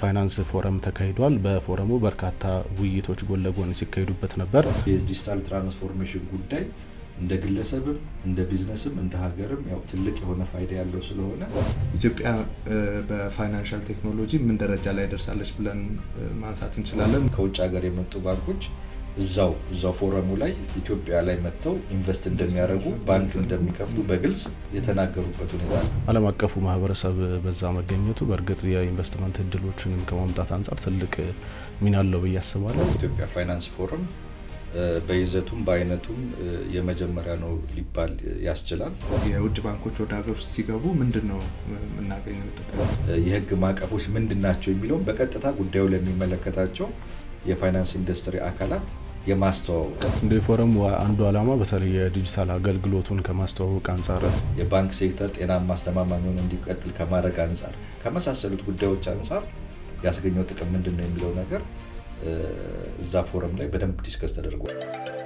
ፋይናንስ ፎረም ተካሂዷል። በፎረሙ በርካታ ውይይቶች ጎን ለጎን ሲካሄዱበት ነበር። የዲጂታል ትራንስፎርሜሽን ጉዳይ እንደ ግለሰብም እንደ ቢዝነስም እንደ ሀገርም ያው ትልቅ የሆነ ፋይዳ ያለው ስለሆነ ኢትዮጵያ በፋይናንሻል ቴክኖሎጂ ምን ደረጃ ላይ ደርሳለች ብለን ማንሳት እንችላለን። ከውጭ ሀገር የመጡ ባንኮች እዛው እዛው ፎረሙ ላይ ኢትዮጵያ ላይ መጥተው ኢንቨስት እንደሚያደርጉ ባንክ እንደሚከፍቱ በግልጽ የተናገሩበት ሁኔታ ነው። ዓለም አቀፉ ማህበረሰብ በዛ መገኘቱ በእርግጥ የኢንቨስትመንት እድሎችንም ከማምጣት አንጻር ትልቅ ሚና አለው ብዬ አስባለሁ። ኢትዮጵያ ፋይናንስ ፎረም በይዘቱም በአይነቱም የመጀመሪያ ነው ሊባል ያስችላል። የውጭ ባንኮች ወደ ሀገር ውስጥ ሲገቡ ምንድን ነው የምናገኘው? የህግ ማዕቀፎች ምንድን ናቸው የሚለውም በቀጥታ ጉዳዩ ለሚመለከታቸው የፋይናንስ ኢንዱስትሪ አካላት የማስተዋወቅ እንደ ፎረም አንዱ ዓላማ በተለይ የዲጂታል አገልግሎቱን ከማስተዋወቅ አንጻር የባንክ ሴክተር ጤናማ አስተማማኝ እንዲቀጥል ከማድረግ አንጻር ከመሳሰሉት ጉዳዮች አንጻር ያስገኘው ጥቅም ምንድን ነው የሚለው ነገር እዛ ፎረም ላይ በደንብ ዲስከስ ተደርጓል።